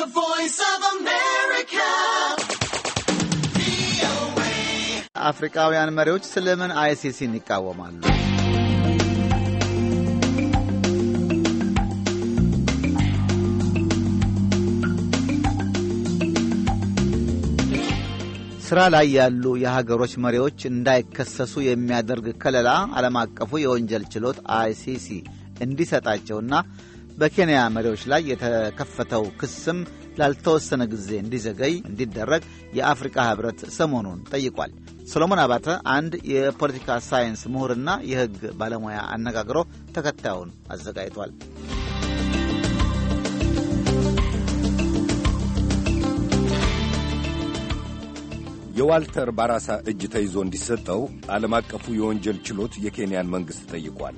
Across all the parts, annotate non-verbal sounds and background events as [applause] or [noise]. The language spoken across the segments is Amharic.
The Voice of America. አፍሪካውያን መሪዎች ስለምን አይሲሲን ይቃወማሉ? ስራ ላይ ያሉ የሀገሮች መሪዎች እንዳይከሰሱ የሚያደርግ ከለላ ዓለም አቀፉ የወንጀል ችሎት አይሲሲ እንዲሰጣቸውና በኬንያ መሪዎች ላይ የተከፈተው ክስም ላልተወሰነ ጊዜ እንዲዘገይ እንዲደረግ የአፍሪካ ህብረት ሰሞኑን ጠይቋል። ሰሎሞን አባተ አንድ የፖለቲካ ሳይንስ ምሁርና የህግ ባለሙያ አነጋግሮ ተከታዩን አዘጋጅቷል። የዋልተር ባራሳ እጅ ተይዞ እንዲሰጠው ዓለም አቀፉ የወንጀል ችሎት የኬንያን መንግሥት ጠይቋል።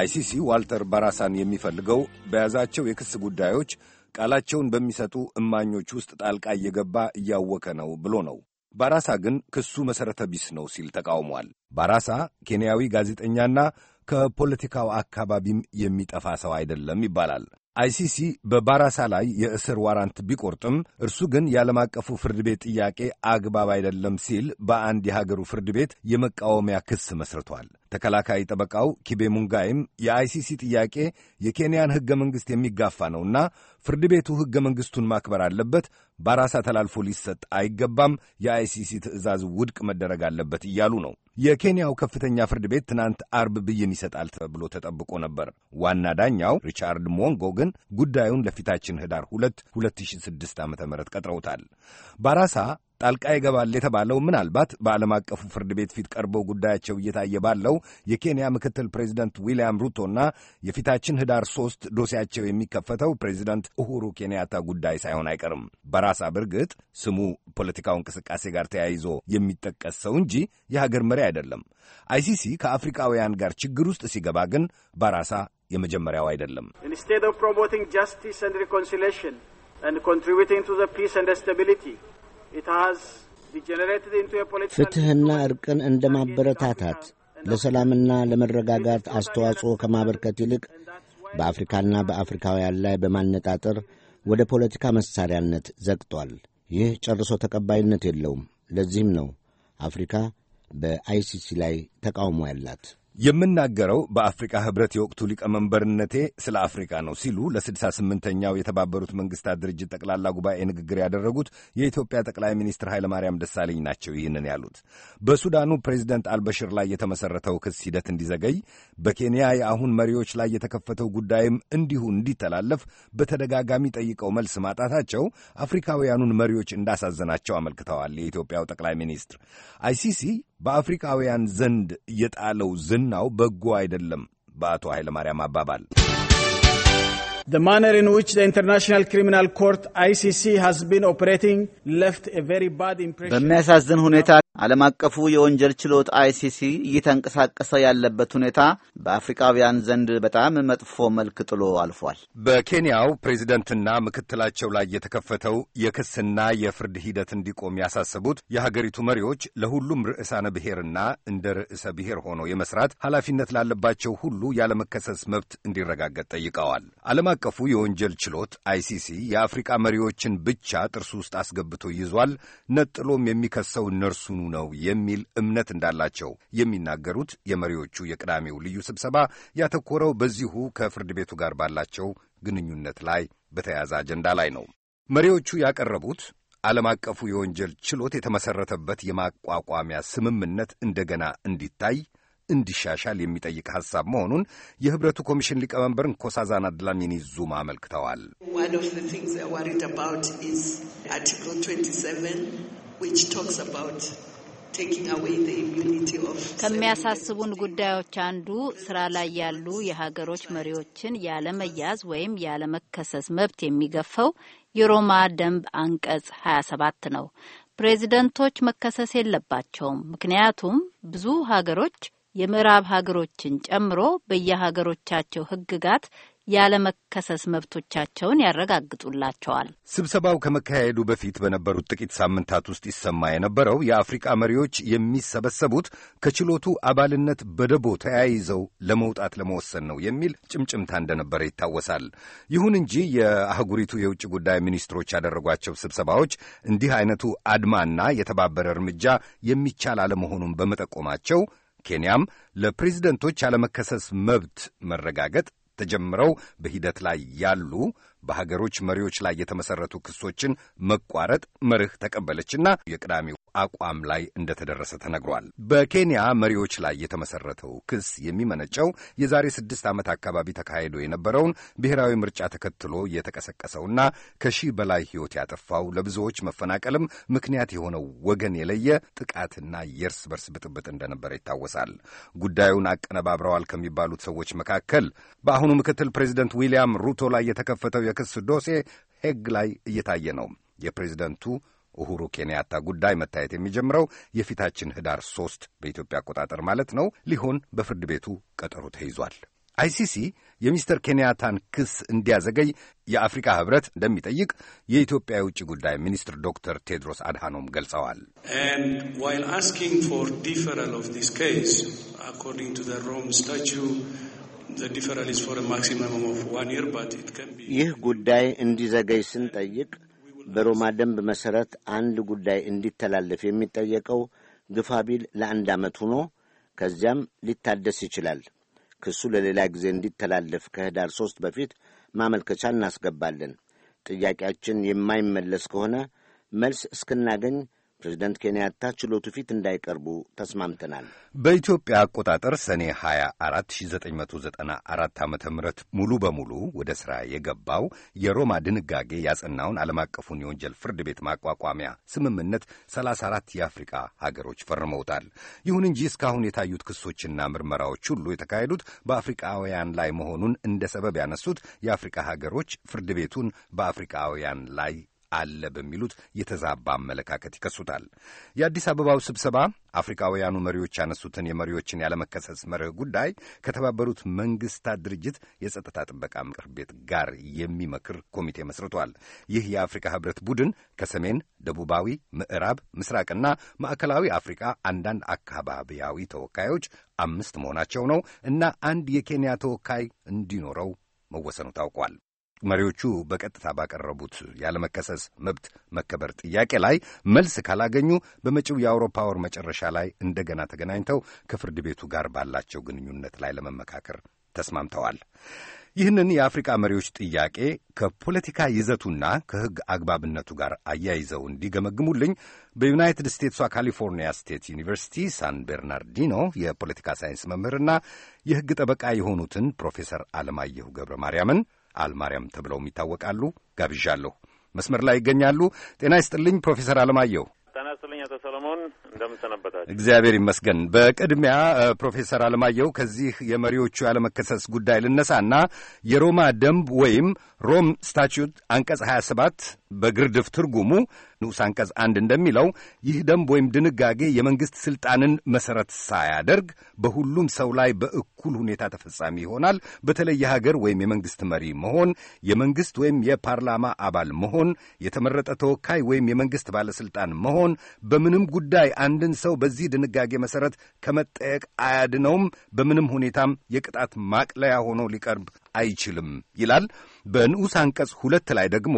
አይሲሲ ዋልተር ባራሳን የሚፈልገው በያዛቸው የክስ ጉዳዮች ቃላቸውን በሚሰጡ እማኞች ውስጥ ጣልቃ እየገባ እያወከ ነው ብሎ ነው። ባራሳ ግን ክሱ መሠረተ ቢስ ነው ሲል ተቃውሟል። ባራሳ ኬንያዊ ጋዜጠኛና ከፖለቲካው አካባቢም የሚጠፋ ሰው አይደለም ይባላል። አይሲሲ በባራሳ ላይ የእስር ዋራንት ቢቆርጥም እርሱ ግን የዓለም አቀፉ ፍርድ ቤት ጥያቄ አግባብ አይደለም ሲል በአንድ የሀገሩ ፍርድ ቤት የመቃወሚያ ክስ መስርቷል። ተከላካይ ጠበቃው ኪቤ ሙንጋይም የአይሲሲ ጥያቄ የኬንያን ሕገ መንግሥት የሚጋፋ ነውና ፍርድ ቤቱ ሕገ መንግሥቱን ማክበር አለበት፣ ባራሳ ተላልፎ ሊሰጥ አይገባም፣ የአይሲሲ ትዕዛዝ ውድቅ መደረግ አለበት እያሉ ነው። የኬንያው ከፍተኛ ፍርድ ቤት ትናንት አርብ ብይን ይሰጣል ተብሎ ተጠብቆ ነበር። ዋና ዳኛው ሪቻርድ ሞንጎ ግን ጉዳዩን ለፊታችን ህዳር 2 2006 ዓ ም ቀጥረውታል። ባራሳ ጣልቃ ይገባል የተባለው ምናልባት በዓለም አቀፉ ፍርድ ቤት ፊት ቀርበው ጉዳያቸው እየታየ ባለው የኬንያ ምክትል ፕሬዚደንት ዊልያም ሩቶና የፊታችን ህዳር ሶስት ዶሴያቸው የሚከፈተው ፕሬዚደንት እሁሩ ኬንያታ ጉዳይ ሳይሆን አይቀርም። በራሳ በርግጥ ስሙ ፖለቲካው እንቅስቃሴ ጋር ተያይዞ የሚጠቀስ ሰው እንጂ የሀገር መሪ አይደለም። አይሲሲ ከአፍሪካውያን ጋር ችግር ውስጥ ሲገባ ግን በራሳ የመጀመሪያው አይደለም። ፍትህና እርቅን እንደ ማበረታታት ለሰላምና ለመረጋጋት አስተዋጽኦ ከማበርከት ይልቅ በአፍሪካና በአፍሪካውያን ላይ በማነጣጠር ወደ ፖለቲካ መሣሪያነት ዘግቷል። ይህ ጨርሶ ተቀባይነት የለውም። ለዚህም ነው አፍሪካ በአይሲሲ ላይ ተቃውሞ ያላት። የምናገረው በአፍሪካ ህብረት የወቅቱ ሊቀመንበርነቴ ስለ አፍሪካ ነው ሲሉ ለ68ኛው የተባበሩት መንግስታት ድርጅት ጠቅላላ ጉባኤ ንግግር ያደረጉት የኢትዮጵያ ጠቅላይ ሚኒስትር ኃይለማርያም ደሳለኝ ናቸው። ይህንን ያሉት በሱዳኑ ፕሬዚደንት አልበሽር ላይ የተመሰረተው ክስ ሂደት እንዲዘገይ፣ በኬንያ የአሁን መሪዎች ላይ የተከፈተው ጉዳይም እንዲሁ እንዲተላለፍ በተደጋጋሚ ጠይቀው መልስ ማጣታቸው አፍሪካውያኑን መሪዎች እንዳሳዘናቸው አመልክተዋል። የኢትዮጵያው ጠቅላይ ሚኒስትር አይሲሲ በአፍሪካውያን ዘንድ የጣለው ዝናው በጎ አይደለም። በአቶ ኃይለማርያም አባባል The manner in which the International Criminal Court ICC has been operating left a very bad impression. በሚያሳዝን ሁኔታ ዓለም አቀፉ የወንጀል ችሎት አይሲሲ እየተንቀሳቀሰ ያለበት ሁኔታ በአፍሪካውያን ዘንድ በጣም መጥፎ መልክ ጥሎ አልፏል። በኬንያው ፕሬዚደንትና ምክትላቸው ላይ የተከፈተው የክስና የፍርድ ሂደት እንዲቆም ያሳሰቡት የሀገሪቱ መሪዎች ለሁሉም ርዕሳነ ብሔርና እንደ ርዕሰ ብሔር ሆኖ የመስራት ኃላፊነት ላለባቸው ሁሉ ያለመከሰስ መብት እንዲረጋገጥ ጠይቀዋል። ዓለም አቀፉ የወንጀል ችሎት አይሲሲ የአፍሪካ መሪዎችን ብቻ ጥርሱ ውስጥ አስገብቶ ይዟል፣ ነጥሎም የሚከሰው እነርሱን ነው የሚል እምነት እንዳላቸው የሚናገሩት የመሪዎቹ የቅዳሜው ልዩ ስብሰባ ያተኮረው በዚሁ ከፍርድ ቤቱ ጋር ባላቸው ግንኙነት ላይ በተያያዘ አጀንዳ ላይ ነው። መሪዎቹ ያቀረቡት ዓለም አቀፉ የወንጀል ችሎት የተመሠረተበት የማቋቋሚያ ስምምነት እንደገና እንዲታይ እንዲሻሻል የሚጠይቅ ሐሳብ መሆኑን የኅብረቱ ኮሚሽን ሊቀመንበር ንኮሳዛና ድላሚኒ ዙማ አመልክተዋል። ከሚያሳስቡን ጉዳዮች አንዱ ስራ ላይ ያሉ የሀገሮች መሪዎችን ያለመያዝ ወይም ያለመከሰስ መብት የሚገፈው የሮማ ደንብ አንቀጽ 27 ነው። ፕሬዚደንቶች መከሰስ የለባቸውም። ምክንያቱም ብዙ ሀገሮች የምዕራብ ሀገሮችን ጨምሮ በየሀገሮቻቸው ሕግጋት ያለመከሰስ መብቶቻቸውን ያረጋግጡላቸዋል። ስብሰባው ከመካሄዱ በፊት በነበሩት ጥቂት ሳምንታት ውስጥ ይሰማ የነበረው የአፍሪቃ መሪዎች የሚሰበሰቡት ከችሎቱ አባልነት በደቦ ተያይዘው ለመውጣት ለመወሰን ነው የሚል ጭምጭምታ እንደነበረ ይታወሳል። ይሁን እንጂ የአህጉሪቱ የውጭ ጉዳይ ሚኒስትሮች ያደረጓቸው ስብሰባዎች እንዲህ አይነቱ አድማና የተባበረ እርምጃ የሚቻል አለመሆኑን በመጠቆማቸው ኬንያም ለፕሬዝደንቶች ያለመከሰስ መብት መረጋገጥ ተጀምረው በሂደት ላይ ያሉ በሀገሮች መሪዎች ላይ የተመሰረቱ ክሶችን መቋረጥ መርህ ተቀበለችና የቅዳሜው አቋም ላይ እንደተደረሰ ተነግሯል። በኬንያ መሪዎች ላይ የተመሰረተው ክስ የሚመነጨው የዛሬ ስድስት ዓመት አካባቢ ተካሂዶ የነበረውን ብሔራዊ ምርጫ ተከትሎ የተቀሰቀሰውና ከሺህ በላይ ሕይወት ያጠፋው ለብዙዎች መፈናቀልም ምክንያት የሆነው ወገን የለየ ጥቃትና የእርስ በርስ ብጥብጥ እንደነበረ ይታወሳል። ጉዳዩን አቀነባብረዋል ከሚባሉት ሰዎች መካከል በአሁኑ ምክትል ፕሬዚደንት ዊልያም ሩቶ ላይ የተከፈተው የክስ ዶሴ ሄግ ላይ እየታየ ነው። የፕሬዚደንቱ ኡሁሩ ኬንያታ ጉዳይ መታየት የሚጀምረው የፊታችን ህዳር ሶስት በኢትዮጵያ አቆጣጠር ማለት ነው ሊሆን በፍርድ ቤቱ ቀጠሮ ተይዟል። አይሲሲ የሚስተር ኬንያታን ክስ እንዲያዘገይ የአፍሪካ ህብረት እንደሚጠይቅ የኢትዮጵያ የውጭ ጉዳይ ሚኒስትር ዶክተር ቴድሮስ አድሃኖም ገልጸዋል። ይህ ጉዳይ እንዲዘገይ ስንጠይቅ በሮማ ደንብ መሠረት አንድ ጉዳይ እንዲተላለፍ የሚጠየቀው ግፋ ቢል ለአንድ ዓመት ሆኖ ከዚያም ሊታደስ ይችላል። ክሱ ለሌላ ጊዜ እንዲተላለፍ ከህዳር ሦስት በፊት ማመልከቻ እናስገባለን። ጥያቄያችን የማይመለስ ከሆነ መልስ እስክናገኝ ፕሬዚደንት ኬንያታ ችሎቱ ፊት እንዳይቀርቡ ተስማምተናል። በኢትዮጵያ አቆጣጠር ሰኔ 24 1994 ዓ ም ሙሉ በሙሉ ወደ ሥራ የገባው የሮማ ድንጋጌ ያጸናውን ዓለም አቀፉን የወንጀል ፍርድ ቤት ማቋቋሚያ ስምምነት 34 የአፍሪካ ሀገሮች ፈርመውታል። ይሁን እንጂ እስካሁን የታዩት ክሶችና ምርመራዎች ሁሉ የተካሄዱት በአፍሪካውያን ላይ መሆኑን እንደ ሰበብ ያነሱት የአፍሪካ ሀገሮች ፍርድ ቤቱን በአፍሪካውያን ላይ አለ በሚሉት የተዛባ አመለካከት ይከሱታል። የአዲስ አበባው ስብሰባ አፍሪካውያኑ መሪዎች ያነሱትን የመሪዎችን ያለመከሰስ መርህ ጉዳይ ከተባበሩት መንግስታት ድርጅት የጸጥታ ጥበቃ ምክር ቤት ጋር የሚመክር ኮሚቴ መስርቷል። ይህ የአፍሪካ ህብረት ቡድን ከሰሜን፣ ደቡባዊ፣ ምዕራብ፣ ምስራቅና ማዕከላዊ አፍሪካ አንዳንድ አካባቢያዊ ተወካዮች አምስት መሆናቸው ነው እና አንድ የኬንያ ተወካይ እንዲኖረው መወሰኑ ታውቋል። መሪዎቹ በቀጥታ ባቀረቡት ያለመከሰስ መብት መከበር ጥያቄ ላይ መልስ ካላገኙ በመጪው የአውሮፓ ወር መጨረሻ ላይ እንደገና ተገናኝተው ከፍርድ ቤቱ ጋር ባላቸው ግንኙነት ላይ ለመመካከር ተስማምተዋል። ይህንን የአፍሪቃ መሪዎች ጥያቄ ከፖለቲካ ይዘቱና ከሕግ አግባብነቱ ጋር አያይዘው እንዲገመግሙልኝ በዩናይትድ ስቴትሷ ካሊፎርኒያ ስቴት ዩኒቨርሲቲ ሳን ቤርናርዲኖ የፖለቲካ ሳይንስ መምህርና የሕግ ጠበቃ የሆኑትን ፕሮፌሰር አለማየሁ ገብረ ማርያምን አልማርያም ተብለውም ይታወቃሉ። ጋብዣለሁ። መስመር ላይ ይገኛሉ። ጤና ይስጥልኝ ፕሮፌሰር አለማየሁ። ጤና ይስጥልኝ አቶ ሰለሞን እግዚአብሔር ይመስገን። በቅድሚያ ፕሮፌሰር አለማየሁ ከዚህ የመሪዎቹ ያለመከሰስ ጉዳይ ልነሳና የሮማ ደንብ ወይም ሮም ስታቹት አንቀጽ 27 በግርድፍ ትርጉሙ ንዑስ አንቀጽ አንድ እንደሚለው ይህ ደንብ ወይም ድንጋጌ የመንግሥት ሥልጣንን መሠረት ሳያደርግ በሁሉም ሰው ላይ በእኩል ሁኔታ ተፈጻሚ ይሆናል። በተለየ ሀገር ወይም የመንግሥት መሪ መሆን፣ የመንግሥት ወይም የፓርላማ አባል መሆን፣ የተመረጠ ተወካይ ወይም የመንግሥት ባለሥልጣን መሆን፣ በምንም ጉዳይ አንድን ሰው በዚህ ድንጋጌ መሠረት ከመጠየቅ አያድነውም፣ በምንም ሁኔታም የቅጣት ማቅለያ ሆኖ ሊቀርብ አይችልም ይላል። በንዑስ አንቀጽ ሁለት ላይ ደግሞ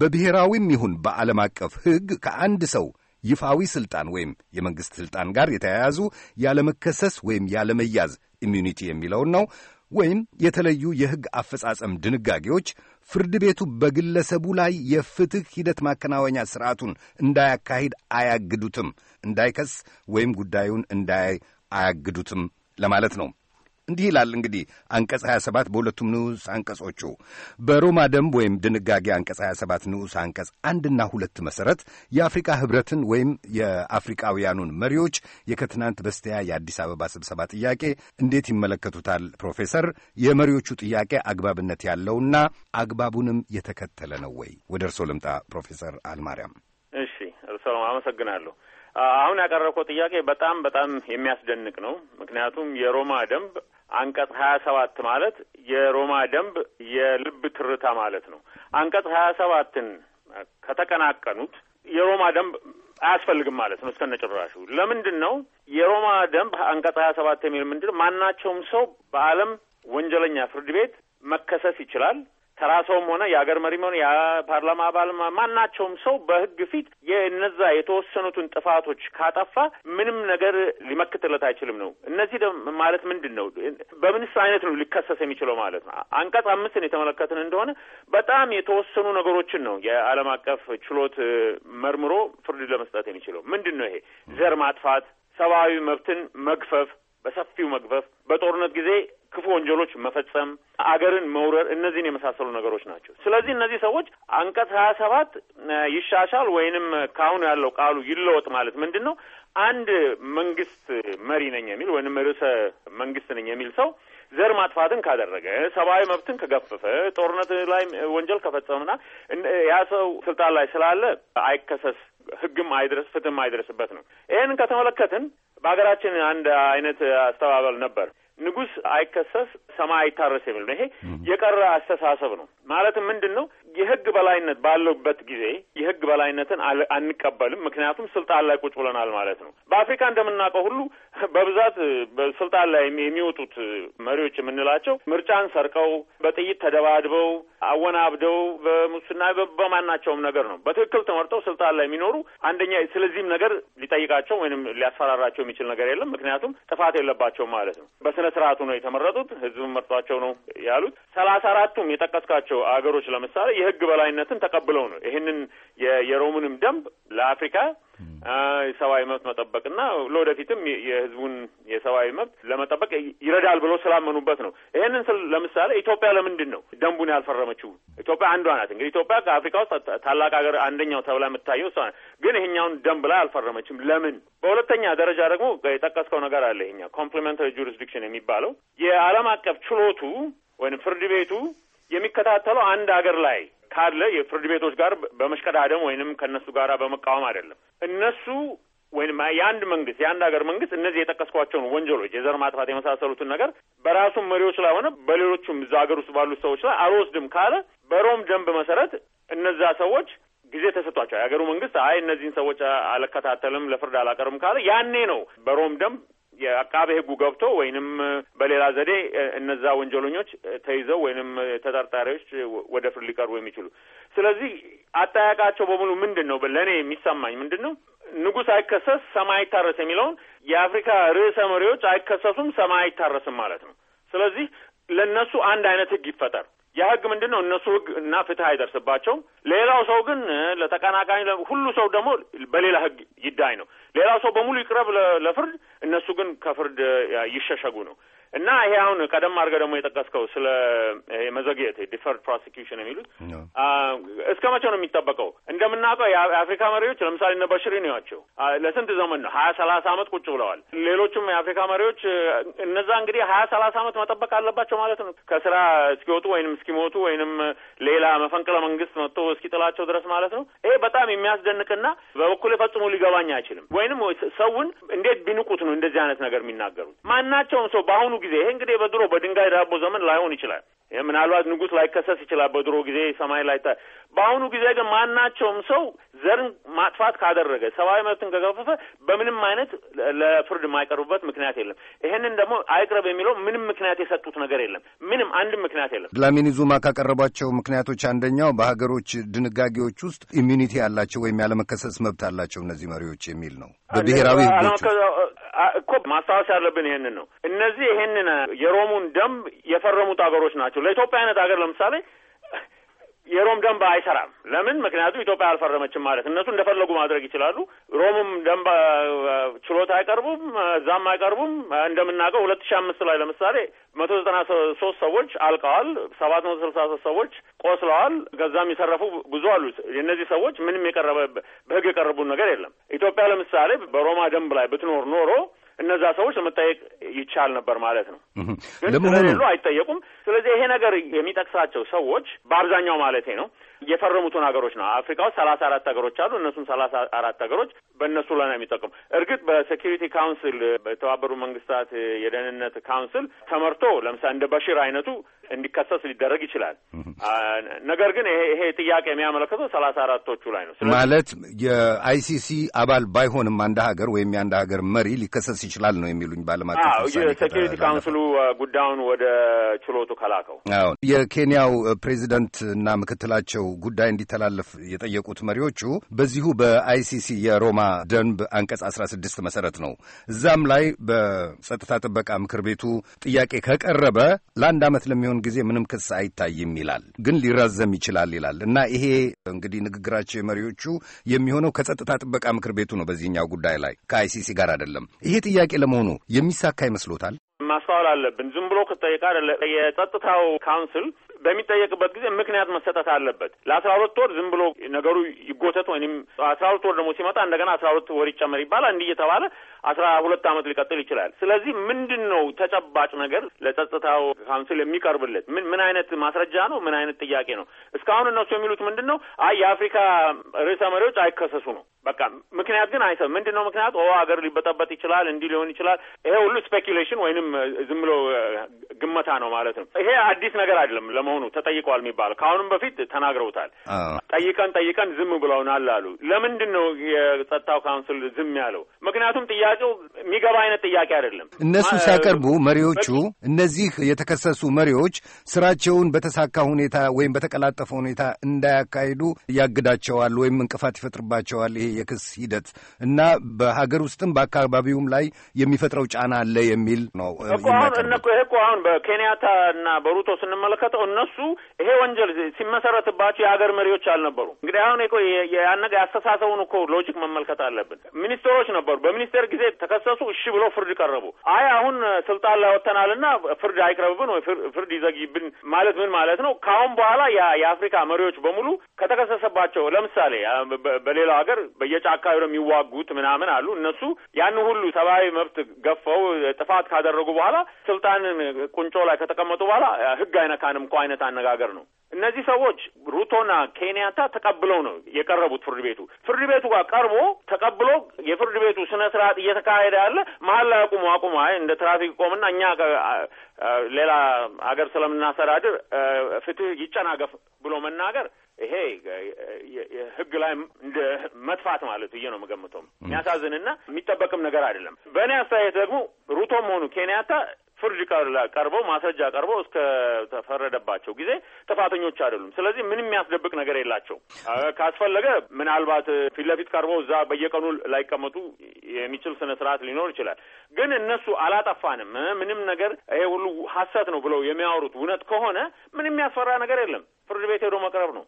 በብሔራዊም ይሁን በዓለም አቀፍ ሕግ ከአንድ ሰው ይፋዊ ሥልጣን ወይም የመንግሥት ሥልጣን ጋር የተያያዙ ያለመከሰስ ወይም ያለመያዝ ኢሚዩኒቲ የሚለውን ነው ወይም የተለዩ የሕግ አፈጻጸም ድንጋጌዎች ፍርድ ቤቱ በግለሰቡ ላይ የፍትሕ ሂደት ማከናወኛ ሥርዓቱን እንዳያካሂድ አያግዱትም፣ እንዳይከስ ወይም ጉዳዩን እንዳያይ አያግዱትም ለማለት ነው። እንዲህ ይላል እንግዲህ አንቀጽ 27 በሁለቱም ንዑስ አንቀጾቹ በሮማ ደንብ ወይም ድንጋጌ አንቀጽ 27 ንዑስ አንቀጽ አንድና ሁለት መሠረት የአፍሪካ ህብረትን ወይም የአፍሪካውያኑን መሪዎች የከትናንት በስቲያ የአዲስ አበባ ስብሰባ ጥያቄ እንዴት ይመለከቱታል ፕሮፌሰር? የመሪዎቹ ጥያቄ አግባብነት ያለውና አግባቡንም የተከተለ ነው ወይ? ወደ እርስዎ ልምጣ ፕሮፌሰር አልማርያም። እሺ፣ እርስዎም አመሰግናለሁ። አሁን ያቀረብከው ጥያቄ በጣም በጣም የሚያስደንቅ ነው። ምክንያቱም የሮማ ደንብ አንቀጽ ሀያ ሰባት ማለት የሮማ ደንብ የልብ ትርታ ማለት ነው። አንቀጽ ሀያ ሰባትን ከተቀናቀኑት የሮማ ደንብ አያስፈልግም ማለት ነው እስከነ ጭራሹ። ለምንድን ነው የሮማ ደንብ አንቀጽ ሀያ ሰባት የሚል ምንድን ነው? ማናቸውም ሰው በዓለም ወንጀለኛ ፍርድ ቤት መከሰስ ይችላል። ተራ ሰውም ሆነ የሀገር መሪም ሆነ የፓርላማ አባል ማናቸውም ሰው በህግ ፊት የእነዛ የተወሰኑትን ጥፋቶች ካጠፋ ምንም ነገር ሊመክትለት አይችልም ነው። እነዚህ ማለት ምንድን ነው? በምንስ አይነት ነው ሊከሰስ የሚችለው ማለት ነው? አንቀጽ አምስትን የተመለከትን እንደሆነ በጣም የተወሰኑ ነገሮችን ነው የዓለም አቀፍ ችሎት መርምሮ ፍርድ ለመስጠት የሚችለው። ምንድን ነው ይሄ? ዘር ማጥፋት፣ ሰብአዊ መብትን መግፈፍ፣ በሰፊው መግፈፍ፣ በጦርነት ጊዜ ክፉ ወንጀሎች መፈጸም፣ አገርን መውረር፣ እነዚህን የመሳሰሉ ነገሮች ናቸው። ስለዚህ እነዚህ ሰዎች አንቀጽ ሀያ ሰባት ይሻሻል ወይንም ከአሁኑ ያለው ቃሉ ይለወጥ ማለት ምንድን ነው? አንድ መንግስት መሪ ነኝ የሚል ወይንም ርዕሰ መንግስት ነኝ የሚል ሰው ዘር ማጥፋትን ካደረገ፣ ሰብአዊ መብትን ከገፈፈ፣ ጦርነት ላይ ወንጀል ከፈጸመና ያ ሰው ስልጣን ላይ ስላለ አይከሰስ፣ ህግም አይድረስ፣ ፍትህም አይድረስበት ነው። ይህንን ከተመለከትን በሀገራችን አንድ አይነት አስተባበል ነበር። ንጉስ አይከሰስ ሰማይ አይታረስ የሚል ነው። ይሄ የቀረ አስተሳሰብ ነው። ማለትም ምንድን ነው የህግ በላይነት ባለበት ጊዜ የህግ በላይነትን አንቀበልም፣ ምክንያቱም ስልጣን ላይ ቁጭ ብለናል ማለት ነው። በአፍሪካ እንደምናውቀው ሁሉ [laughs] በብዛት በስልጣን ላይ የሚወጡት መሪዎች የምንላቸው ምርጫን ሰርቀው፣ በጥይት ተደባድበው፣ አወናብደው፣ በሙስና በማናቸውም ነገር ነው በትክክል ተመርጠው ስልጣን ላይ የሚኖሩ አንደኛ። ስለዚህም ነገር ሊጠይቃቸው ወይም ሊያስፈራራቸው የሚችል ነገር የለም፣ ምክንያቱም ጥፋት የለባቸውም ማለት ነው። በስነ ስርዓቱ ነው የተመረጡት፣ ህዝብ መርጧቸው ነው ያሉት። ሰላሳ አራቱም የጠቀስካቸው አገሮች ለምሳሌ የህግ በላይነትን ተቀብለው ነው ይህንን የሮምንም ደንብ ለአፍሪካ የሰብአዊ መብት መጠበቅና ለወደፊትም የህዝቡን የሰብአዊ መብት ለመጠበቅ ይረዳል ብሎ ስላመኑበት ነው። ይህንን ስል ለምሳሌ ኢትዮጵያ ለምንድን ነው ደንቡን ያልፈረመችው? ኢትዮጵያ አንዷ ናት። እንግዲህ ኢትዮጵያ ከአፍሪካ ውስጥ ታላቅ ሀገር አንደኛው ተብላ የምታየው እሷ ናት። ግን ይሄኛውን ደንብ ላይ አልፈረመችም። ለምን? በሁለተኛ ደረጃ ደግሞ የጠቀስከው ነገር አለ። ይሄኛ ኮምፕሊመንታሪ ጁሪስዲክሽን የሚባለው የዓለም አቀፍ ችሎቱ ወይም ፍርድ ቤቱ የሚከታተለው አንድ አገር ላይ ካለ የፍርድ ቤቶች ጋር በመሽቀዳደም ወይንም ከእነሱ ጋር በመቃወም አይደለም። እነሱ ወይም የአንድ መንግስት የአንድ ሀገር መንግስት እነዚህ የጠቀስኳቸውን ወንጀሎች የዘር ማጥፋት የመሳሰሉትን ነገር በራሱ መሪዎች ላይ ሆነ በሌሎቹም እዛ ሀገር ውስጥ ባሉት ሰዎች ላይ አልወስድም ካለ በሮም ደንብ መሰረት እነዛ ሰዎች ጊዜ ተሰጥቷቸዋል። የሀገሩ መንግስት አይ እነዚህን ሰዎች አልከታተልም፣ ለፍርድ አላቀርብም ካለ ያኔ ነው በሮም ደንብ የአቃቤ ሕጉ ገብቶ ወይንም በሌላ ዘዴ እነዛ ወንጀለኞች ተይዘው ወይንም ተጠርጣሪዎች ወደ ፍርድ ሊቀርቡ የሚችሉ ስለዚህ አጠያቃቸው በሙሉ ምንድን ነው? ለእኔ የሚሰማኝ ምንድን ነው ንጉሥ አይከሰስ ሰማይ አይታረስ የሚለውን የአፍሪካ ርዕሰ መሪዎች አይከሰሱም፣ ሰማይ አይታረስም ማለት ነው። ስለዚህ ለእነሱ አንድ አይነት ሕግ ይፈጠር። ያ ህግ ምንድን ነው? እነሱ ህግ እና ፍትህ አይደርስባቸውም። ሌላው ሰው ግን ለተቀናቃኝ ሁሉ ሰው ደግሞ በሌላ ህግ ይዳኝ ነው። ሌላው ሰው በሙሉ ይቅረብ ለፍርድ እነሱ ግን ከፍርድ ይሸሸጉ ነው። እና ይሄ አሁን ቀደም አድርገህ ደግሞ የጠቀስከው ስለ መዘግየት ዲፈርድ ፕሮሲኪዩሽን የሚሉት እስከ መቼ ነው የሚጠበቀው? እንደምናውቀው የአፍሪካ መሪዎች ለምሳሌ እነ በሽሪን ያቸው ለስንት ዘመን ነው? ሀያ ሰላሳ አመት ቁጭ ብለዋል። ሌሎችም የአፍሪካ መሪዎች እነዛ እንግዲህ ሀያ ሰላሳ አመት መጠበቅ አለባቸው ማለት ነው ከስራ እስኪወጡ ወይንም እስኪሞቱ ወይንም ሌላ መፈንቅለ መንግስት መጥቶ እስኪጥላቸው ድረስ ማለት ነው። ይሄ በጣም የሚያስደንቅና በበኩል ፈጽሞ ሊገባኝ አይችልም። ወይንም ሰውን እንዴት ቢንቁት ነው እንደዚህ አይነት ነገር የሚናገሩት? ማናቸውም ሰው በአሁኑ ጊዜ ይሄ እንግዲህ በድሮ በድንጋይ ዳቦ ዘመን ላይሆን ይችላል። ይህ ምናልባት ንጉሥ ላይከሰስ ይችላል። በድሮ ጊዜ ሰማይ ላይ በአሁኑ ጊዜ ግን ማናቸውም ሰው ዘርን ማጥፋት ካደረገ፣ ሰብአዊ መብትን ከገፈፈ በምንም አይነት ለፍርድ የማይቀርቡበት ምክንያት የለም። ይህንን ደግሞ አይቅረብ የሚለው ምንም ምክንያት የሰጡት ነገር የለም። ምንም አንድም ምክንያት የለም። ድላሚኒ ዙማ ካቀረቧቸው ምክንያቶች አንደኛው በሀገሮች ድንጋጌዎች ውስጥ ኢሚኒቲ ያላቸው ወይም ያለመከሰስ መብት አላቸው እነዚህ መሪዎች የሚል ነው። በብሔራዊ ህጎች እኮ ማስታወስ ያለብን ይህን ነው። እነዚህ ይህንን የሮሙን ደንብ የፈረሙት ሀገሮች ናቸው። ለኢትዮጵያ አይነት ሀገር ለምሳሌ የሮም ደንብ አይሰራም። ለምን? ምክንያቱም ኢትዮጵያ አልፈረመችም ማለት እነሱ እንደፈለጉ ማድረግ ይችላሉ። ሮምም ደንብ ችሎት አይቀርቡም፣ እዛም አይቀርቡም። እንደምናውቀው ሁለት ሺ አምስት ላይ ለምሳሌ መቶ ዘጠና ሶስት ሰዎች አልቀዋል፣ ሰባት መቶ ስልሳ ሶስት ሰዎች ቆስለዋል። ከዛም የሰረፉ ብዙ አሉ። እነዚህ ሰዎች ምንም የቀረበ በህግ የቀረቡ ነገር የለም። ኢትዮጵያ ለምሳሌ በሮማ ደንብ ላይ ብትኖር ኖሮ እነዛ ሰዎች ለመጠየቅ ይቻል ነበር ማለት ነው። ግን ስለሌሉ አይጠየቁም። ስለዚህ ይሄ ነገር የሚጠቅሳቸው ሰዎች በአብዛኛው ማለት ነው የፈረሙትን ሀገሮች ነው። አፍሪካ ውስጥ ሰላሳ አራት ሀገሮች አሉ። እነሱም ሰላሳ አራት ሀገሮች በእነሱ ላይ ነው የሚጠቅሙ። እርግጥ በሴኪሪቲ ካውንስል በተባበሩ መንግስታት የደህንነት ካውንስል ተመርቶ ለምሳሌ እንደ በሽር አይነቱ እንዲከሰስ ሊደረግ ይችላል። ነገር ግን ይሄ ይሄ ጥያቄ የሚያመለክተው ሰላሳ አራቶቹ ላይ ነው። ማለት የአይሲሲ አባል ባይሆንም አንድ ሀገር ወይም የአንድ ሀገር መሪ ሊከሰስ ይችላል ነው የሚሉኝ በዓለም አቀፍ ካውንስሉ ጉዳዩን ወደ ችሎቱ ከላከው። አዎ የኬንያው ፕሬዚደንት እና ምክትላቸው ጉዳይ እንዲተላለፍ የጠየቁት መሪዎቹ በዚሁ በአይሲሲ የሮማ ደንብ አንቀጽ አስራ ስድስት መሰረት ነው። እዛም ላይ በጸጥታ ጥበቃ ምክር ቤቱ ጥያቄ ከቀረበ ለአንድ ዓመት ለሚሆን አብዛኛውን ጊዜ ምንም ክስ አይታይም ይላል፣ ግን ሊራዘም ይችላል ይላል እና ይሄ እንግዲህ ንግግራቸው የመሪዎቹ የሚሆነው ከጸጥታ ጥበቃ ምክር ቤቱ ነው በዚህኛው ጉዳይ ላይ ከአይሲሲ ጋር አይደለም። ይሄ ጥያቄ ለመሆኑ የሚሳካ ይመስሎታል? ማስተዋል አለብን። ዝም ብሎ ከተጠየቀ አይደለ የጸጥታው ካውንስል በሚጠየቅበት ጊዜ ምክንያት መሰጠት አለበት። ለአስራ ሁለት ወር ዝም ብሎ ነገሩ ይጎተት ወይም አስራ ሁለት ወር ደግሞ ሲመጣ እንደገና አስራ ሁለት ወር ይጨመር ይባላል። እንዲህ እየተባለ አስራ ሁለት ዓመት ሊቀጥል ይችላል። ስለዚህ ምንድን ነው ተጨባጭ ነገር ለጸጥታው ካውንስል የሚቀርብለት ምን ምን አይነት ማስረጃ ነው? ምን አይነት ጥያቄ ነው? እስካሁን እነሱ የሚሉት ምንድን ነው? አይ የአፍሪካ ርዕሰ መሪዎች አይከሰሱ ነው በቃ። ምክንያት ግን አይሰብ ምንድን ነው ምክንያት? ኦ ሀገር ሊበጠበጥ ይችላል፣ እንዲህ ሊሆን ይችላል። ይሄ ሁሉ ስፔኪሌሽን ወይንም ዝም ብሎ ግመታ ነው ማለት ነው። ይሄ አዲስ ነገር አይደለም። ለመሆኑ ተጠይቀዋል የሚባለው ከአሁንም በፊት ተናግረውታል። ጠይቀን ጠይቀን ዝም ብለውናል አሉ። ለምንድን ነው የጸጥታው ካውንስል ዝም ያለው? ምክንያቱም ጥያ ጥያቄው የሚገባ አይነት ጥያቄ አይደለም። እነሱ ሲያቀርቡ መሪዎቹ እነዚህ የተከሰሱ መሪዎች ስራቸውን በተሳካ ሁኔታ ወይም በተቀላጠፈ ሁኔታ እንዳያካሂዱ ያግዳቸዋል ወይም እንቅፋት ይፈጥርባቸዋል ይሄ የክስ ሂደት እና በሀገር ውስጥም በአካባቢውም ላይ የሚፈጥረው ጫና አለ የሚል ነው። ይሄ እኮ አሁን በኬንያታ እና በሩቶ ስንመለከተው እነሱ ይሄ ወንጀል ሲመሰረትባቸው የሀገር መሪዎች አልነበሩ። እንግዲህ አሁን ያነገ ያስተሳሰቡን እኮ ሎጂክ መመልከት አለብን። ሚኒስትሮች ነበሩ። በሚኒስቴር ጊዜ ጊዜ ተከሰሱ። እሺ ብሎ ፍርድ ቀረቡ። አይ አሁን ስልጣን ላይ ወጥተናልና ፍርድ አይቅረብብን ወይ ፍርድ ይዘግይብን ማለት ምን ማለት ነው? ከአሁን በኋላ የአፍሪካ መሪዎች በሙሉ ከተከሰሰባቸው ለምሳሌ በሌላው ሀገር በየጫካ የሚዋጉት ምናምን አሉ። እነሱ ያን ሁሉ ሰብአዊ መብት ገፈው ጥፋት ካደረጉ በኋላ ስልጣንን ቁንጮ ላይ ከተቀመጡ በኋላ ህግ አይነካንም እኮ አይነት አነጋገር ነው። እነዚህ ሰዎች ሩቶና ኬንያታ ተቀብለው ነው የቀረቡት ፍርድ ቤቱ ፍርድ ቤቱ ጋር ቀርቦ ተቀብሎ የፍርድ ቤቱ ስነ ስርዓት እየተካሄደ ያለ መሀል ላይ አቁሙ አቁሙ፣ አይ እንደ ትራፊክ ቆምና እኛ ሌላ አገር ስለምናስተዳድር ፍትህ ይጨናገፍ ብሎ መናገር ይሄ ህግ ላይ እንደ መጥፋት ማለት ብዬ ነው የምገምተው። የሚያሳዝንና የሚጠበቅም ነገር አይደለም። በእኔ አስተያየት ደግሞ ሩቶም ሆኑ ኬንያታ ፍርድ ቀርበው ማስረጃ ቀርበው እስከተፈረደባቸው ጊዜ ጥፋተኞች አይደሉም። ስለዚህ ምንም የሚያስደብቅ ነገር የላቸው። ካስፈለገ ምናልባት ፊት ለፊት ቀርበው እዛ በየቀኑ ላይቀመጡ የሚችል ስነ ስርዓት ሊኖር ይችላል። ግን እነሱ አላጠፋንም፣ ምንም ነገር ይሄ ሁሉ ሀሰት ነው ብለው የሚያወሩት እውነት ከሆነ ምንም የሚያስፈራ ነገር የለም። ፍርድ ቤት ሄዶ መቅረብ ነው።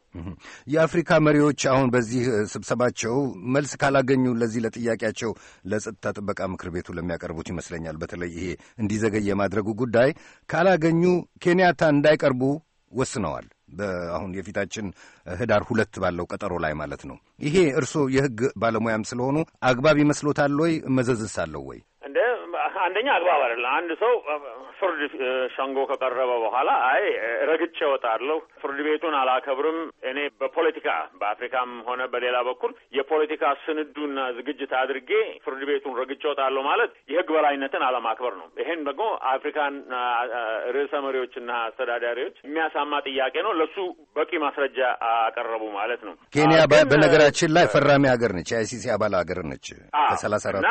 የአፍሪካ መሪዎች አሁን በዚህ ስብሰባቸው መልስ ካላገኙ ለዚህ ለጥያቄያቸው ለጸጥታ ጥበቃ ምክር ቤቱ ለሚያቀርቡት ይመስለኛል። በተለይ ይሄ እንዲዘገይ የማድረጉ ጉዳይ ካላገኙ ኬንያታ እንዳይቀርቡ ወስነዋል። አሁን የፊታችን ህዳር ሁለት ባለው ቀጠሮ ላይ ማለት ነው። ይሄ እርስዎ የህግ ባለሙያም ስለሆኑ አግባብ ይመስሎታል ወይ? መዘዝስ አለው ወይ? አንደኛ አግባብ አይደለም። አንድ ሰው ፍርድ ሸንጎ ከቀረበ በኋላ አይ ረግቼ እወጣለሁ፣ ፍርድ ቤቱን አላከብርም፣ እኔ በፖለቲካ በአፍሪካም ሆነ በሌላ በኩል የፖለቲካ ስንዱና ዝግጅት አድርጌ ፍርድ ቤቱን ረግቼ እወጣለሁ ማለት የህግ በላይነትን አለማክበር ነው። ይሄን ደግሞ አፍሪካን ርዕሰ መሪዎችና አስተዳዳሪዎች የሚያሳማ ጥያቄ ነው። ለሱ በቂ ማስረጃ አቀረቡ ማለት ነው። ኬንያ በነገራችን ላይ ፈራሚ ሀገር ነች፣ የአይሲሲ አባል ሀገር ነች ከሰላሳ አራት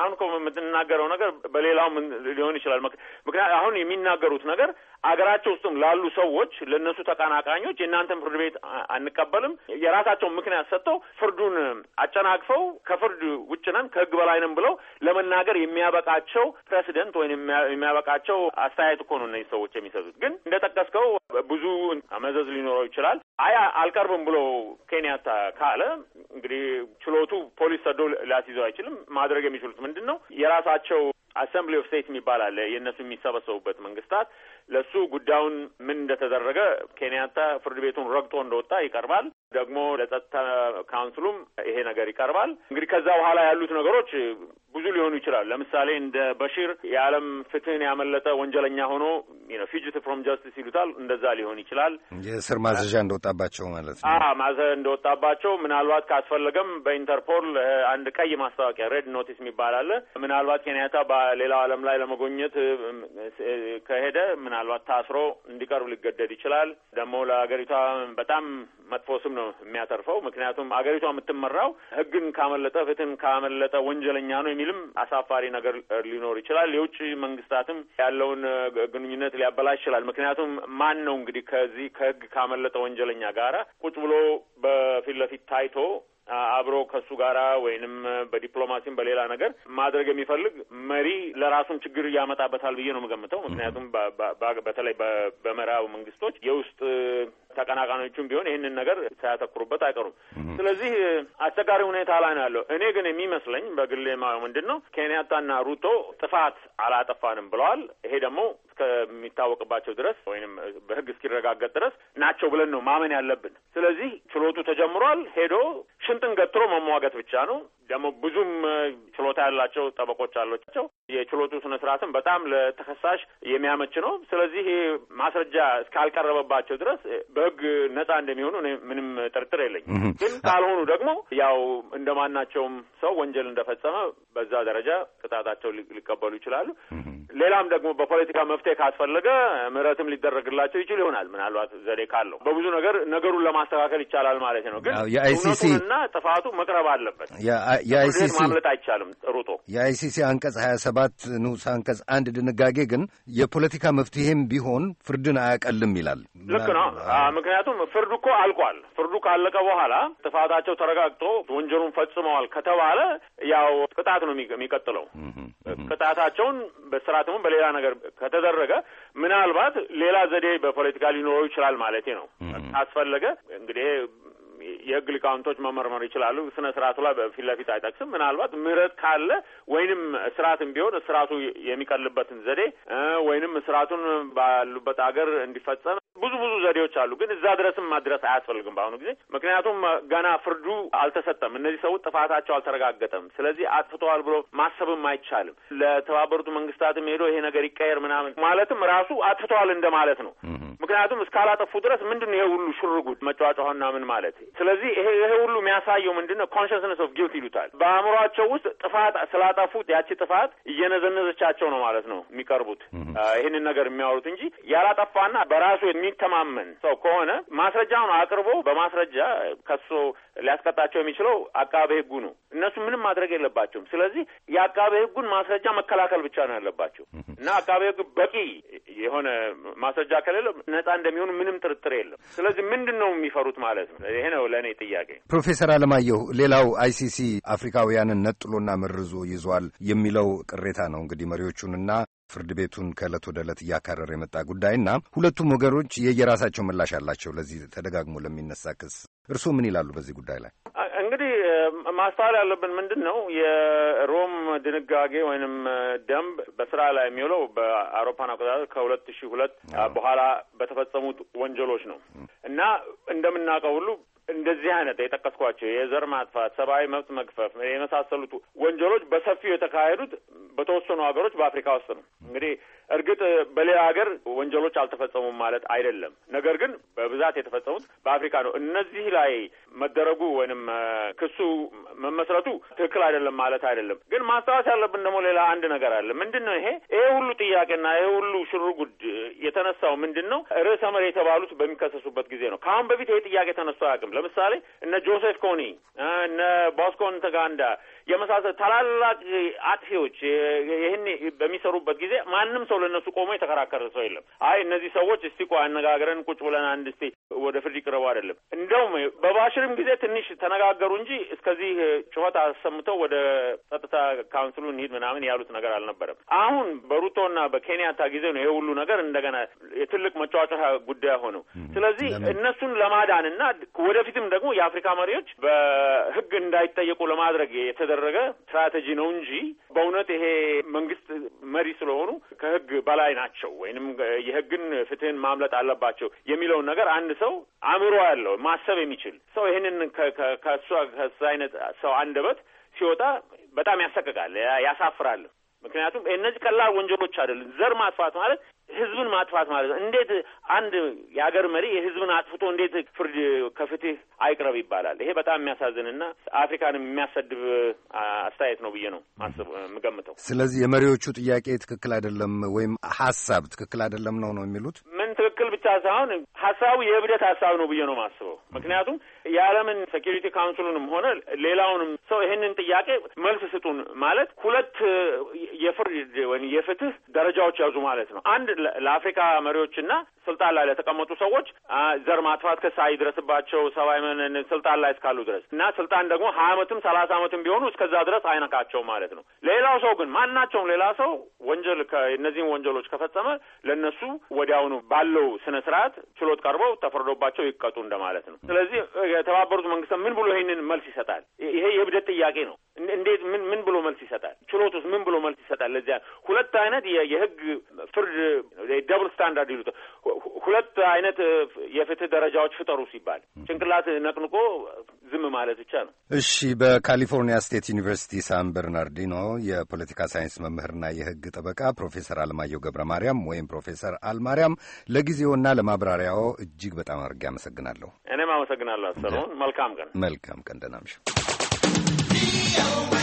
አሁን እኮ የምትናገረው ነገር በሌላውም ሊሆን ይችላል። ምክንያት አሁን የሚናገሩት ነገር አገራቸው ውስጥም ላሉ ሰዎች ለእነሱ ተቀናቃኞች የእናንተን ፍርድ ቤት አንቀበልም የራሳቸውን ምክንያት ሰጥተው ፍርዱን አጨናግፈው ከፍርድ ውጭ ነን ከህግ በላይ ነን ብለው ለመናገር የሚያበቃቸው ፕሬሲደንት ወይም የሚያበቃቸው አስተያየት እኮ ነው እነዚህ ሰዎች የሚሰጡት። ግን እንደጠቀስከው ብዙ መዘዝ ሊኖረው ይችላል። አይ አልቀርብም ብሎ ኬንያታ ካለ እንግዲህ ችሎቱ ፖሊስ ሰዶ ሊያስይዘው አይችልም። ማድረግ የሚችሉ የሚያደርጉት ምንድን ነው? የራሳቸው አሰምብሊ ኦፍ ስቴት የሚባል አለ። የእነሱ የሚሰበሰቡበት መንግስታት ለእሱ ጉዳዩን ምን እንደተደረገ ኬንያታ ፍርድ ቤቱን ረግጦ እንደወጣ ይቀርባል። ደግሞ ለጸጥታ ካውንስሉም ይሄ ነገር ይቀርባል። እንግዲህ ከዛ በኋላ ያሉት ነገሮች ብዙ ሊሆኑ ይችላል። ለምሳሌ እንደ በሺር የዓለም ፍትህን ያመለጠ ወንጀለኛ ሆኖ ፊጅት ፍሮም ጃስቲስ ይሉታል። እንደዛ ሊሆን ይችላል። የእስር ማዘዣ እንደወጣባቸው ማለት ነው። ማዘ እንደወጣባቸው ምናልባት ካስፈለገም በኢንተርፖል አንድ ቀይ ማስታወቂያ ሬድ ኖቲስ የሚባል አለ። ምናልባት ኬንያታ በሌላው ዓለም ላይ ለመጎኘት ከሄደ ምናልባት ታስሮ እንዲቀርብ ሊገደድ ይችላል። ደግሞ ለሀገሪቷ በጣም መጥፎ ስም ነው ነው የሚያተርፈው። ምክንያቱም አገሪቷ የምትመራው ህግን ካመለጠ፣ ፍትህን ካመለጠ ወንጀለኛ ነው የሚልም አሳፋሪ ነገር ሊኖር ይችላል። የውጭ መንግስታትም ያለውን ግንኙነት ሊያበላሽ ይችላል። ምክንያቱም ማን ነው እንግዲህ ከዚህ ከህግ ካመለጠ ወንጀለኛ ጋር ቁጭ ብሎ በፊት ለፊት ታይቶ አብሮ ከሱ ጋራ ወይንም በዲፕሎማሲም በሌላ ነገር ማድረግ የሚፈልግ መሪ ለራሱም ችግር ያመጣበታል ብዬ ነው የምገምተው። ምክንያቱም በተለይ በምዕራብ መንግስቶች የውስጥ ተቀናቃኞቹም ቢሆን ይህንን ነገር ሳያተኩሩበት አይቀሩም። ስለዚህ አስቸጋሪ ሁኔታ ላይ ነው ያለው። እኔ ግን የሚመስለኝ በግሌ ማየው ምንድን ነው ኬንያታና ሩቶ ጥፋት አላጠፋንም ብለዋል። ይሄ ደግሞ እስከሚታወቅባቸው ድረስ ወይም በህግ እስኪረጋገጥ ድረስ ናቸው ብለን ነው ማመን ያለብን። ስለዚህ ችሎቱ ተጀምሯል። ሄዶ ሽንጥን ገትሮ መሟገት ብቻ ነው። ደግሞ ብዙም ችሎታ ያላቸው ጠበቆች አሏቸው። የችሎቱ ስነ ስርዓትም በጣም ለተከሳሽ የሚያመች ነው። ስለዚህ ማስረጃ እስካልቀረበባቸው ድረስ በ በህግ ነጻ እንደሚሆኑ እኔ ምንም ጥርጥር የለኝም። ግን ካልሆኑ ደግሞ ያው እንደማናቸውም ሰው ወንጀል እንደፈጸመ በዛ ደረጃ ቅጣታቸው ሊቀበሉ ይችላሉ። ሌላም ደግሞ በፖለቲካ መፍትሄ ካስፈለገ ምህረትም ሊደረግላቸው ይችል ይሆናል። ምናልባት ዘዴ ካለው በብዙ ነገር ነገሩን ለማስተካከል ይቻላል ማለት ነው። ግን እውነቱንና ጥፋቱ መቅረብ አለበት። የአይሲሲ ማምለጥ አይቻልም። ሩጦ የአይሲሲ አንቀጽ ሀያ ሰባት ንዑስ አንቀጽ አንድ ድንጋጌ ግን የፖለቲካ መፍትሄም ቢሆን ፍርድን አያቀልም ይላል። ልክ ነው። ምክንያቱም ፍርድ እኮ አልቋል። ፍርዱ ካለቀ በኋላ ጥፋታቸው ተረጋግጦ ወንጀሉን ፈጽመዋል ከተባለ ያው ቅጣት ነው የሚቀጥለው። ቅጣታቸውን በስርዓትም በሌላ ነገር ከተደረገ ምናልባት ሌላ ዘዴ በፖለቲካ ሊኖረው ይችላል ማለት ነው። ካስፈለገ እንግዲህ የህግ ሊቃውንቶች መመርመር ይችላሉ። ስነ ስርአቱ ላይ በፊት ለፊት አይጠቅስም። ምናልባት ምህረት ካለ ወይንም እስራትም ቢሆን እስራቱ የሚቀልበትን ዘዴ ወይንም እስራቱን ባሉበት አገር እንዲፈጸም ብዙ ብዙ ዘዴዎች አሉ። ግን እዛ ድረስም ማድረስ አያስፈልግም በአሁኑ ጊዜ ምክንያቱም ገና ፍርዱ አልተሰጠም። እነዚህ ሰዎች ጥፋታቸው አልተረጋገጠም። ስለዚህ አጥፍተዋል ብሎ ማሰብም አይቻልም። ለተባበሩት መንግስታትም ሄዶ ይሄ ነገር ይቀየር ምናምን ማለትም ራሱ አጥፍተዋል እንደማለት ነው። ምክንያቱም እስካላጠፉ ድረስ ምንድን ነው ይሄ ሁሉ ሽርጉድ መጫዋጫዋና ምን ማለት ስለዚህ ይሄ ይሄ ሁሉ የሚያሳየው ምንድን ነው? ኮንሽንስነስ ኦፍ ጊልት ይሉታል። በአእምሯቸው ውስጥ ጥፋት ስላጠፉት ያቺ ጥፋት እየነዘነዘቻቸው ነው ማለት ነው የሚቀርቡት ይህንን ነገር የሚያወሩት እንጂ ያላጠፋና በራሱ የሚተማመን ሰው ከሆነ ማስረጃውን አቅርቦ በማስረጃ ከሶ ሊያስቀጣቸው የሚችለው አቃቤ ሕጉ ነው። እነሱ ምንም ማድረግ የለባቸውም። ስለዚህ የአቃቤ ሕጉን ማስረጃ መከላከል ብቻ ነው ያለባቸው እና አቃቤ ሕግ በቂ የሆነ ማስረጃ ከሌለ ነጻ እንደሚሆኑ ምንም ጥርጥር የለም። ስለዚህ ምንድን ነው የሚፈሩት ማለት ነው ይሄ ነው ለእኔ ጥያቄ። ፕሮፌሰር አለማየሁ ሌላው አይሲሲ አፍሪካውያንን ነጥሎና መርዞ ይዟል የሚለው ቅሬታ ነው እንግዲህ መሪዎቹንና ፍርድ ቤቱን ከዕለት ወደ ዕለት እያካረረ የመጣ ጉዳይና ሁለቱም ወገኖች የየራሳቸው ምላሽ አላቸው ለዚህ ተደጋግሞ ለሚነሳ ክስ። እርስዎ ምን ይላሉ በዚህ ጉዳይ ላይ? እንግዲህ ማስተዋል ያለብን ምንድን ነው የሮም ድንጋጌ ወይንም ደንብ በስራ ላይ የሚውለው በአውሮፓን አቆጣጠር ከሁለት ሺህ ሁለት በኋላ በተፈጸሙት ወንጀሎች ነው እና እንደምናውቀው ሁሉ እንደዚህ አይነት የጠቀስኳቸው የዘር ማጥፋት፣ ሰብአዊ መብት መግፈፍ የመሳሰሉት ወንጀሎች በሰፊው የተካሄዱት በተወሰኑ ሀገሮች በአፍሪካ ውስጥ ነው። እንግዲህ እርግጥ በሌላ ሀገር ወንጀሎች አልተፈጸሙም ማለት አይደለም። ነገር ግን በብዛት የተፈጸሙት በአፍሪካ ነው። እነዚህ ላይ መደረጉ ወይንም ክሱ መመስረቱ ትክክል አይደለም ማለት አይደለም። ግን ማስታወስ ያለብን ደግሞ ሌላ አንድ ነገር አለ። ምንድን ነው ይሄ? ይሄ ሁሉ ጥያቄና ይሄ ሁሉ ሽርጉድ የተነሳው ምንድን ነው? ርዕሰ መር የተባሉት በሚከሰሱበት ጊዜ ነው። ከአሁን በፊት ይሄ ጥያቄ ተነስቶ አያውቅም። ለምሳሌ እነ ጆሴፍ ኮኒ እነ ቦስኮን ተጋንዳ የመሳሰሉ ታላላቅ አጥፊዎች ይህን በሚሰሩበት ጊዜ ማንም ሰው ሰው ለእነሱ ቆሞ የተከራከረ ሰው የለም። አይ እነዚህ ሰዎች እስቲ ቆይ አነጋግረን ቁጭ ብለን አንድ እስቲ ወደ ፍርድ ይቅረቡ አይደለም። እንደውም በባሽርም ጊዜ ትንሽ ተነጋገሩ እንጂ እስከዚህ ጩኸት አሰምተው ወደ ጸጥታ ካውንስሉ እንሂድ ምናምን ያሉት ነገር አልነበረም። አሁን በሩቶና በኬንያታ ጊዜ ነው ይሄ ሁሉ ነገር እንደገና የትልቅ መጫወቻ ጉዳይ ሆነው። ስለዚህ እነሱን ለማዳን እና ወደፊትም ደግሞ የአፍሪካ መሪዎች በህግ እንዳይጠየቁ ለማድረግ የተደረገ ስትራቴጂ ነው እንጂ በእውነት ይሄ መንግስት መሪ ስለሆኑ ከህግ በላይ ናቸው ወይንም የህግን ፍትህን ማምለጥ አለባቸው የሚለውን ነገር አንድ ሰው አእምሮ ያለው ማሰብ የሚችል ሰው ይህንን ከእሷ ከእሱ አይነት ሰው አንደበት ሲወጣ በጣም ያሰቅቃል፣ ያሳፍራል። ምክንያቱም እነዚህ ቀላል ወንጀሎች አይደሉም። ዘር ማጥፋት ማለት ህዝብን ማጥፋት ማለት ነው። እንዴት አንድ የሀገር መሪ የህዝብን አጥፍቶ እንዴት ፍርድ ከፍትህ አይቅረብ ይባላል? ይሄ በጣም የሚያሳዝንና አፍሪካን የሚያሰድብ አስተያየት ነው ብዬ ነው ማስብ የምገምተው። ስለዚህ የመሪዎቹ ጥያቄ ትክክል አይደለም ወይም ሀሳብ ትክክል አይደለም ነው ነው የሚሉት ብቻ ሳይሆን ሀሳቡ የእብደት ሀሳብ ነው ብዬ ነው የማስበው። ምክንያቱም የዓለምን ሴኪሪቲ ካውንስሉንም ሆነ ሌላውንም ሰው ይህንን ጥያቄ መልስ ስጡን ማለት ሁለት የፍርድ ወይም የፍትህ ደረጃዎች ያዙ ማለት ነው። አንድ ለአፍሪካ መሪዎችና ስልጣን ላይ ለተቀመጡ ሰዎች ዘር ማጥፋት ክስ አይድረስባቸው ሰብአዊ ስልጣን ላይ እስካሉ ድረስ እና ስልጣን ደግሞ ሀያ አመትም ሰላሳ አመትም ቢሆኑ እስከዛ ድረስ አይነካቸው ማለት ነው። ሌላው ሰው ግን ማናቸውም ሌላ ሰው ወንጀል እነዚህም ወንጀሎች ከፈጸመ ለእነሱ ወዲያውኑ ባለው ስነ ስርዓት ችሎት ቀርበው ተፈርዶባቸው ይቀጡ እንደማለት ነው። ስለዚህ የተባበሩት መንግስታት ምን ብሎ ይህንን መልስ ይሰጣል? ይሄ የእብደት ጥያቄ ነው። እንዴት ምን ምን ብሎ መልስ ይሰጣል? ውስጥ ምን ብሎ መልስ ይሰጣል? ለዚያ ሁለት አይነት የህግ ፍርድ ደብል ስታንዳርድ ይሉት ሁለት አይነት የፍትህ ደረጃዎች ፍጠሩ ሲባል ጭንቅላት ነቅንቆ ዝም ማለት ብቻ ነው። እሺ፣ በካሊፎርኒያ ስቴት ዩኒቨርሲቲ ሳን በርናርዲኖ የፖለቲካ ሳይንስ መምህርና የህግ ጠበቃ ፕሮፌሰር አለማየሁ ገብረ ማርያም ወይም ፕሮፌሰር አልማርያም ለጊዜውና ለማብራሪያው እጅግ በጣም አድርጌ አመሰግናለሁ። እኔም አመሰግናለሁ ሰለሞን። መልካም ቀን። መልካም ቀን። ደህና እምሽው። Colombia.